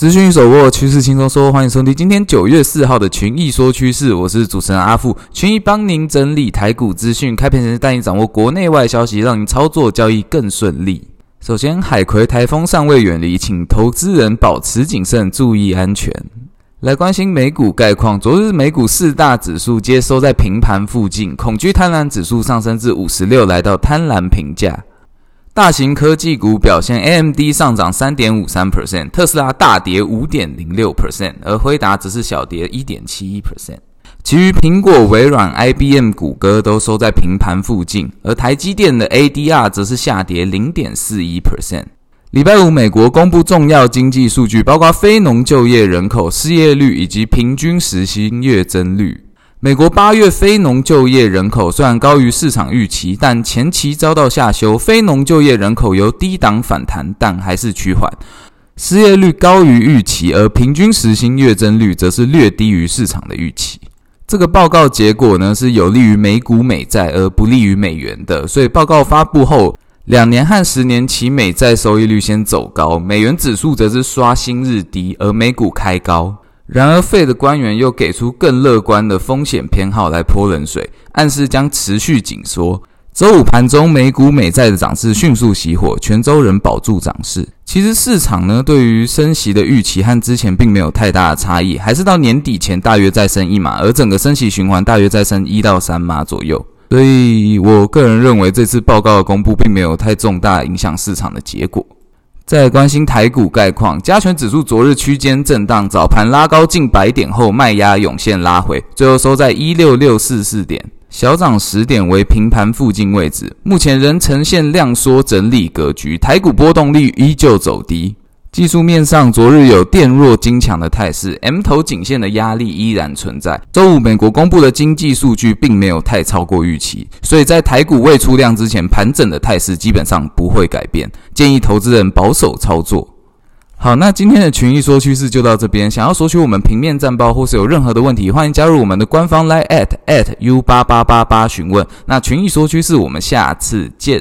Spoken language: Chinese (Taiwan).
資訊一手握，趨勢輕鬆說，歡迎收聽今天九月四號的群益說趨勢，我是主持人阿富，群益幫您整理台股資訊，開盤前帶您掌握國內外消息，讓您操作交易更順利。首先，海葵台風尚未遠離，請投資人保持謹慎，注意安全。來關心美股概況，昨日美股四大指數皆收在平盤附近，恐懼貪婪指數上升至五十六，來到貪婪評價。大型科技股表現，AMD 上漲三點五三 percent，特斯拉大跌五點零六 percent，而輝達則是小跌一點七一 percent。其餘蘋果、微軟、IBM、谷歌都收在平盤附近，而台積電的 ADR 則是下跌零點四一 percent。禮拜五，美國公布重要經濟數據，包括非農就業人口、失業率以及平均時薪月增率。美國八月非農就業人口雖然高於市場預期，但前期遭到下修。非農就業人口由低檔反彈，但還是趨緩。失業率高於預期，而平均時薪月增率則是略低於市場的預期。這個報告結果呢是有利於美股美債，而不利於美元的。所以報告發布後，兩年和十年期美債收益率先走高，美元指數則是刷新日低，而美股開高。然而 Fed 的官員又給出更樂觀的風險偏好來潑冷水，暗示將持續緊縮。周五盤中，美股美債的漲勢迅速熄火，全周仍保住漲勢。其實，市場呢對於升息的預期和之前並沒有太大的差異，還是到年底前大約再升一碼，而整個升息循環大約再升一到三碼左右。所以我個人認為，這次報告的公布並沒有太重大影響市場的結果。再關心台股概況，加權指數昨日區間震盪，早盤拉高近百點後，賣壓湧現拉回，最後收在一六六四四點，小漲十點，為平盤附近位置。目前仍呈現量縮整理格局，台股波動率依舊走低。技術面上，昨日有電弱金強的態勢，M 頭頸線的壓力依然存在。周五美國公佈的經濟數據並沒有太超過預期，所以在台股未出量之前，盤整的態勢基本上不會改變。建議投資人保守操作。好，那今天的群益說趨勢就到這邊。想要索取我們平面戰報或是有任何的問題，歡迎加入我們的官方 LINE at at u 八八八八詢問。那群益說趨勢，我們下次見。